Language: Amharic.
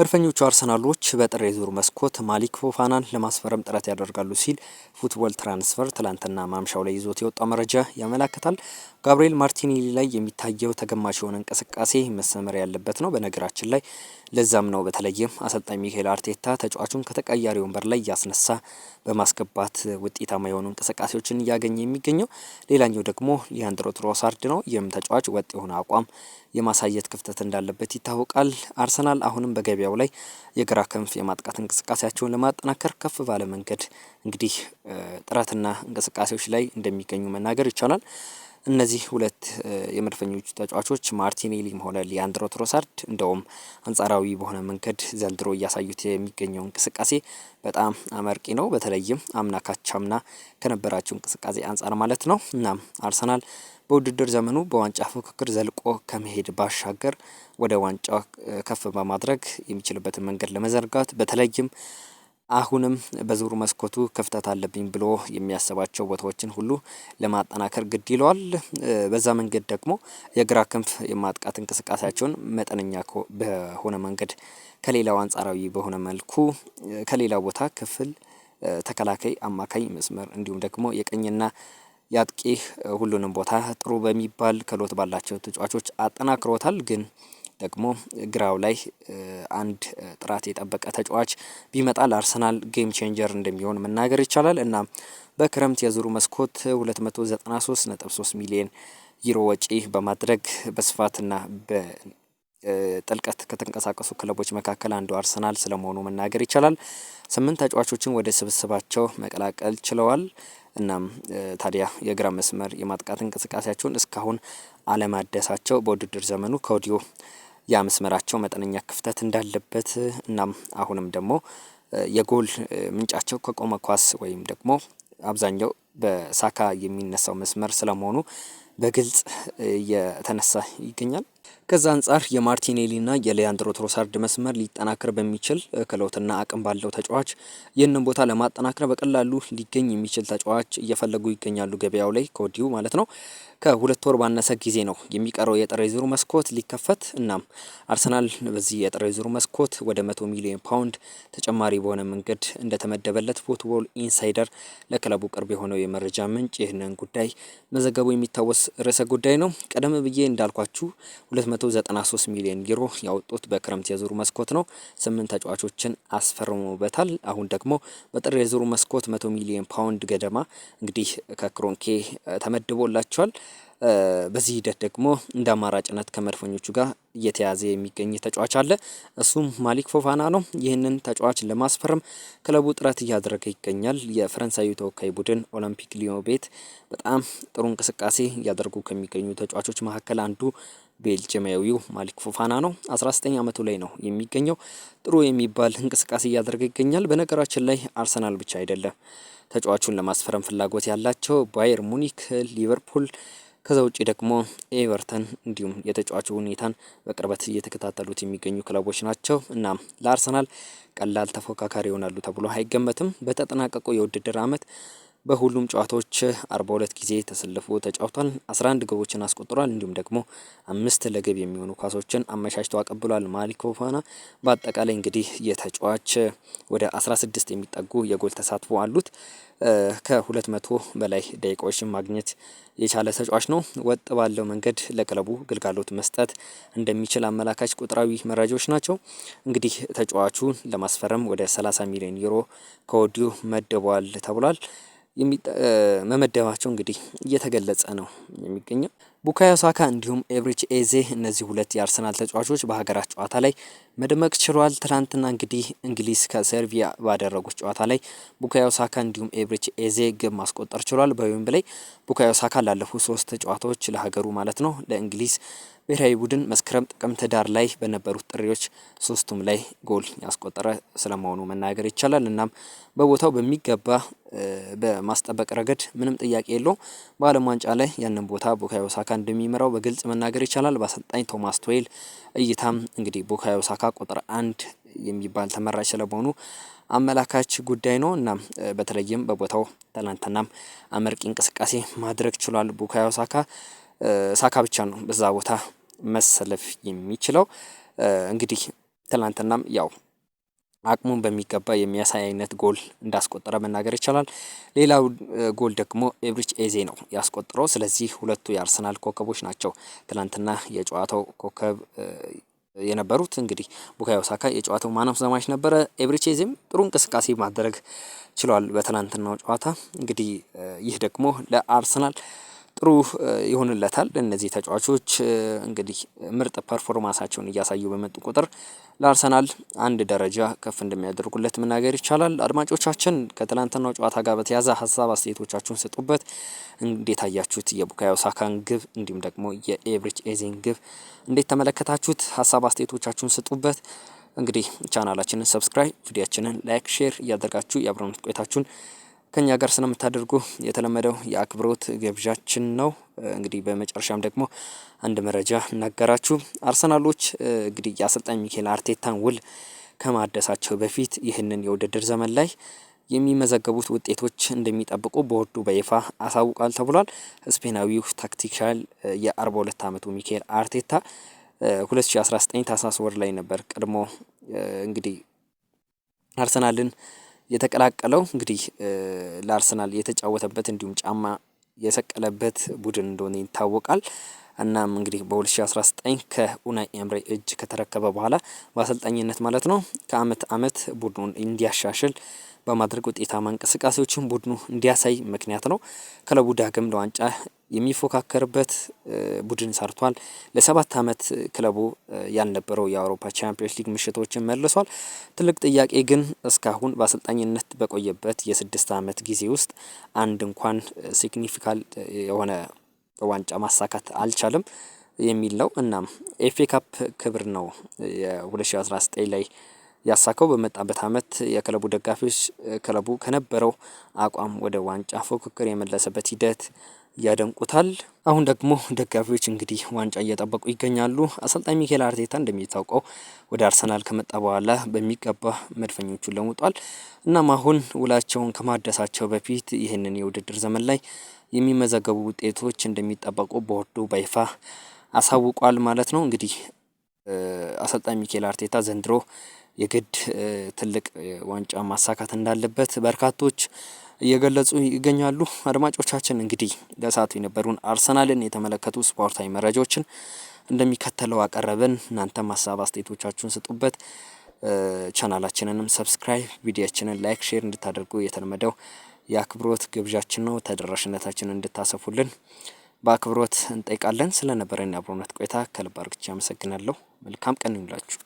መድፈኞቹ አርሰናሎች በጥር ዙር መስኮት ማሊክ ፎፋናን ለማስፈረም ጥረት ያደርጋሉ ሲል ፉትቦል ትራንስፈር ትላንትና ማምሻው ላይ ይዞት የወጣው መረጃ ያመላክታል። ጋብርኤል ማርቲኔሊ ላይ የሚታየው ተገማሽ የሆነ እንቅስቃሴ መሰመር ያለበት ነው። በነገራችን ላይ ለዛም ነው በተለይም አሰልጣኝ ሚካኤል አርቴታ ተጫዋቹን ከተቀያሪ ወንበር ላይ እያስነሳ በማስገባት ውጤታማ የሆኑ እንቅስቃሴዎችን እያገኘ የሚገኘው። ሌላኛው ደግሞ ሊያንድሮ ትሮሳርድ ነው። ይህም ተጫዋች ወጥ የሆነ አቋም የማሳየት ክፍተት እንዳለበት ይታወቃል። አርሰናል አሁንም በገበያው ላይ የግራ ክንፍ የማጥቃት እንቅስቃሴያቸውን ለማጠናከር ከፍ ባለ መንገድ እንግዲህ ጥረትና እንቅስቃሴዎች ላይ እንደሚገኙ መናገር ይቻላል። እነዚህ ሁለት የመድፈኞቹ ተጫዋቾች ማርቲኔሊም ሆነ ሊያንድሮ ትሮሳርድ እንደውም አንጻራዊ በሆነ መንገድ ዘንድሮ እያሳዩት የሚገኘው እንቅስቃሴ በጣም አመርቂ ነው። በተለይም አምና ካቻምና ከነበራቸው እንቅስቃሴ አንጻር ማለት ነው። እናም አርሰናል በውድድር ዘመኑ በዋንጫ ፉክክር ዘልቆ ከመሄድ ባሻገር ወደ ዋንጫ ከፍ በማድረግ የሚችልበትን መንገድ ለመዘርጋት በተለይም አሁንም በዝውውር መስኮቱ ክፍተት አለብኝ ብሎ የሚያስባቸው ቦታዎችን ሁሉ ለማጠናከር ግድ ይለዋል። በዛ መንገድ ደግሞ የግራ ክንፍ የማጥቃት እንቅስቃሴያቸውን መጠነኛ በሆነ መንገድ ከሌላው አንጻራዊ በሆነ መልኩ ከሌላ ቦታ ክፍል ተከላካይ፣ አማካኝ መስመር እንዲሁም ደግሞ የቀኝና የአጥቂ ሁሉንም ቦታ ጥሩ በሚባል ክህሎት ባላቸው ተጫዋቾች አጠናክሮታል ግን ደግሞ ግራው ላይ አንድ ጥራት የጠበቀ ተጫዋች ቢመጣ ለአርሰናል ጌም ቼንጀር እንደሚሆን መናገር ይቻላል እና በክረምት የዙሩ መስኮት 293.3 ሚሊዮን ዩሮ ወጪ በማድረግ በስፋትና በጥልቀት ከተንቀሳቀሱ ክለቦች መካከል አንዱ አርሰናል ስለመሆኑ መናገር ይቻላል። ስምንት ተጫዋቾችን ወደ ስብስባቸው መቀላቀል ችለዋል። እናም ታዲያ የግራ መስመር የማጥቃት እንቅስቃሴያቸውን እስካሁን አለማደሳቸው በውድድር ዘመኑ ከወዲሁ መስመራቸው መጠነኛ ክፍተት እንዳለበት እናም አሁንም ደግሞ የጎል ምንጫቸው ከቆመ ኳስ ወይም ደግሞ አብዛኛው በሳካ የሚነሳው መስመር ስለመሆኑ በግልጽ እየተነሳ ይገኛል። ከዛ አንጻር የማርቲኔሊና የሌያንድሮ ትሮሳርድ መስመር ሊጠናከር በሚችል ክህሎትና አቅም ባለው ተጫዋች ይህንን ቦታ ለማጠናከር በቀላሉ ሊገኝ የሚችል ተጫዋች እየፈለጉ ይገኛሉ ገበያው ላይ ከወዲሁ ማለት ነው። ከሁለት ወር ባነሰ ጊዜ ነው የሚቀረው የጥር ዝውውር መስኮት ሊከፈት። እናም አርሰናል በዚህ የጥር ዝውውር መስኮት ወደ መቶ ሚሊዮን ፓውንድ ተጨማሪ በሆነ መንገድ እንደተመደበለት ፉትቦል ኢንሳይደር ለክለቡ ቅርብ የሆነው የመረጃ ምንጭ ይህንን ጉዳይ መዘገቡ የሚታወስ ርዕሰ ጉዳይ ነው። ቀደም ብዬ እንዳልኳችሁ 293 ሚሊዮን ዩሮ ያወጡት በክረምት የዙር መስኮት ነው። ስምንት ተጫዋቾችን አስፈርመውበታል። አሁን ደግሞ በጥር የዙር መስኮት 100 ሚሊዮን ፓውንድ ገደማ እንግዲህ ከክሮንኬ ተመድቦላቸዋል። በዚህ ሂደት ደግሞ እንደ አማራጭነት ከመድፈኞቹ ጋር እየተያዘ የሚገኝ ተጫዋች አለ። እሱም ማሊክ ፎፋና ነው። ይህንን ተጫዋች ለማስፈረም ክለቡ ጥረት እያደረገ ይገኛል። የፈረንሳዩ ተወካይ ቡድን ኦሎምፒክ ሊዮ ቤት በጣም ጥሩ እንቅስቃሴ እያደረጉ ከሚገኙ ተጫዋቾች መካከል አንዱ ቤልጅማዊው ማሊክ ፉፋና ነው። 19 ዓመቱ ላይ ነው የሚገኘው። ጥሩ የሚባል እንቅስቃሴ እያደረገ ይገኛል። በነገራችን ላይ አርሰናል ብቻ አይደለም ተጫዋቹን ለማስፈረም ፍላጎት ያላቸው ባየር ሙኒክ፣ ሊቨርፑል ከዛ ውጭ ደግሞ ኤቨርተን እንዲሁም የተጫዋቹ ሁኔታን በቅርበት እየተከታተሉት የሚገኙ ክለቦች ናቸው። እና ለአርሰናል ቀላል ተፎካካሪ ይሆናሉ ተብሎ አይገመትም። በተጠናቀቁ የውድድር ዓመት በሁሉም ጨዋታዎች 42 ጊዜ ተሰልፎ ተጫውቷል። 11 ግቦችን አስቆጥሯል። እንዲሁም ደግሞ አምስት ለግብ የሚሆኑ ኳሶችን አመቻችቶ አቀብሏል። ማሊክ ፎፋና በአጠቃላይ እንግዲህ የተጫዋች ወደ 16 የሚጠጉ የጎል ተሳትፎ አሉት። ከ200 በላይ ደቂቃዎችን ማግኘት የቻለ ተጫዋች ነው። ወጥ ባለው መንገድ ለክለቡ ግልጋሎት መስጠት እንደሚችል አመላካች ቁጥራዊ መረጃዎች ናቸው። እንግዲህ ተጫዋቹን ለማስፈረም ወደ 30 ሚሊዮን ዩሮ ከወዲሁ መድቧል ተብሏል። መመደባቸው እንግዲህ እየተገለጸ ነው የሚገኘው። ቡካዮ ሳካ እንዲሁም ኤቭሪች ኤዜ እነዚህ ሁለት የአርሰናል ተጫዋቾች በሀገራት ጨዋታ ላይ መደመቅ ችሏል። ትናንትና እንግዲህ እንግሊዝ ከሰርቢያ ባደረጉት ጨዋታ ላይ ቡካዮ ሳካ እንዲሁም ኤብሪች ኤዜ ግብ ማስቆጠር ችሏል። በዌምብላይ ቡካዮ ሳካ ላለፉት ሶስት ጨዋታዎች ለሀገሩ ማለት ነው ለእንግሊዝ ብሔራዊ ቡድን መስከረም፣ ጥቅምት፣ ዳር ላይ በነበሩት ጥሪዎች ሶስቱም ላይ ጎል ያስቆጠረ ስለመሆኑ መናገር ይቻላል። እናም በቦታው በሚገባ በማስጠበቅ ረገድ ምንም ጥያቄ የለው። በዓለም ዋንጫ ላይ ያንን ቦታ ቡካዮ ሳካ እንደሚመራው በግልጽ መናገር ይቻላል። በአሰልጣኝ ቶማስ ቶይል እይታም እንግዲህ ቡካዮ ሳካ አማካ ቁጥር አንድ የሚባል ተመራጭ ስለመሆኑ አመላካች ጉዳይ ነው። እና በተለይም በቦታው ትናንትናም አመርቂ እንቅስቃሴ ማድረግ ችሏል። ቡካዮ ሳካ ሳካ ብቻ ነው በዛ ቦታ መሰለፍ የሚችለው። እንግዲህ ትናንትናም ያው አቅሙን በሚገባ የሚያሳይ አይነት ጎል እንዳስቆጠረ መናገር ይቻላል። ሌላው ጎል ደግሞ ኤብሪች ኤዜ ነው ያስቆጠረው። ስለዚህ ሁለቱ የአርሰናል ኮከቦች ናቸው ትላንትና የጨዋታው ኮከብ የነበሩት። እንግዲህ ቡካዮ ሳካ የጨዋታው ማን ኦፍ ዘ ማች ነበረ። ኤብሪቼዝም ጥሩ እንቅስቃሴ ማድረግ ችሏል በትናንትናው ጨዋታ። እንግዲህ ይህ ደግሞ ለአርሰናል ጥሩ ይሆንለታል። እነዚህ ተጫዋቾች እንግዲህ ምርጥ ፐርፎርማንሳቸውን እያሳዩ በመጡ ቁጥር ለአርሰናል አንድ ደረጃ ከፍ እንደሚያደርጉለት መናገር ይቻላል። አድማጮቻችን ከትላንትናው ጨዋታ ጋር በተያያዘ ሀሳብ አስተያየቶቻችሁን ስጡበት። እንዴት አያችሁት? የቡካዮ ሳካን ግብ እንዲሁም ደግሞ የኤብሪች ኤዜን ግብ እንዴት ተመለከታችሁት? ሀሳብ አስተያየቶቻችሁን ስጡበት። እንግዲህ ቻናላችንን ሰብስክራይብ፣ ቪዲያችንን ላይክ፣ ሼር እያደርጋችሁ የአብረኑት ቆይታችሁን ከኛ ጋር ስለምታደርጉ የተለመደው የአክብሮት ግብዣችን ነው። እንግዲህ በመጨረሻም ደግሞ አንድ መረጃ እናገራችሁ። አርሰናሎች እንግዲህ የአሰልጣኝ ሚኬል አርቴታን ውል ከማደሳቸው በፊት ይህንን የውድድር ዘመን ላይ የሚመዘገቡት ውጤቶች እንደሚጠብቁ ቦርዱ በይፋ አሳውቋል ተብሏል። ስፔናዊው ታክቲካል የ42 ዓመቱ ሚካኤል አርቴታ 2019 ታህሳስ ወር ላይ ነበር ቀድሞ እንግዲህ አርሰናልን የተቀላቀለው እንግዲህ ለአርሰናል የተጫወተበት እንዲሁም ጫማ የሰቀለበት ቡድን እንደሆነ ይታወቃል። እናም እንግዲህ በ2019 ከኡናይ ኤምሬ እጅ ከተረከበ በኋላ በአሰልጣኝነት ማለት ነው ከአመት አመት ቡድኑን እንዲያሻሽል በማድረግ ውጤታማ እንቅስቃሴዎችን ቡድኑ እንዲያሳይ ምክንያት ነው። ክለቡ ዳግም ለዋንጫ የሚፎካከርበት ቡድን ሰርቷል። ለሰባት ዓመት ክለቡ ያልነበረው የአውሮፓ ቻምፒዮንስ ሊግ ምሽቶችን መልሷል። ትልቅ ጥያቄ ግን እስካሁን በአሰልጣኝነት በቆየበት የስድስት ዓመት ጊዜ ውስጥ አንድ እንኳን ሲግኒፊካል የሆነ ዋንጫ ማሳካት አልቻለም የሚል ነው። እናም ኤፌ ካፕ ክብር ነው የ2019 ላይ ያሳካው። በመጣበት ዓመት የክለቡ ደጋፊዎች ክለቡ ከነበረው አቋም ወደ ዋንጫ ፉክክር የመለሰበት ሂደት ያደንቁታል። አሁን ደግሞ ደጋፊዎች እንግዲህ ዋንጫ እየጠበቁ ይገኛሉ። አሰልጣኝ ሚኬል አርቴታ እንደሚታውቀው ወደ አርሰናል ከመጣ በኋላ በሚገባ መድፈኞቹን ለውጧል። እናም አሁን ውላቸውን ከማደሳቸው በፊት ይህንን የውድድር ዘመን ላይ የሚመዘገቡ ውጤቶች እንደሚጠበቁ ቦርዱ በይፋ አሳውቋል ማለት ነው። እንግዲህ አሰልጣኝ ሚኬል አርቴታ ዘንድሮ የግድ ትልቅ ዋንጫ ማሳካት እንዳለበት በርካቶች እየገለጹ ይገኛሉ። አድማጮቻችን እንግዲህ ለሰዓቱ የነበሩን አርሰናልን የተመለከቱ ስፖርታዊ መረጃዎችን እንደሚከተለው አቀረብን። እናንተም ሀሳብ አስተያየቶቻችሁን ስጡበት። ቻናላችንንም ሰብስክራይብ፣ ቪዲዮችንን ላይክ፣ ሼር እንድታደርጉ የተለመደው የአክብሮት ግብዣችን ነው። ተደራሽነታችንን እንድታሰፉልን በአክብሮት እንጠይቃለን። ስለነበረን የአብሮነት ቆይታ ከልብ አርግቼ አመሰግናለሁ። መልካም ቀን ይውላችሁ።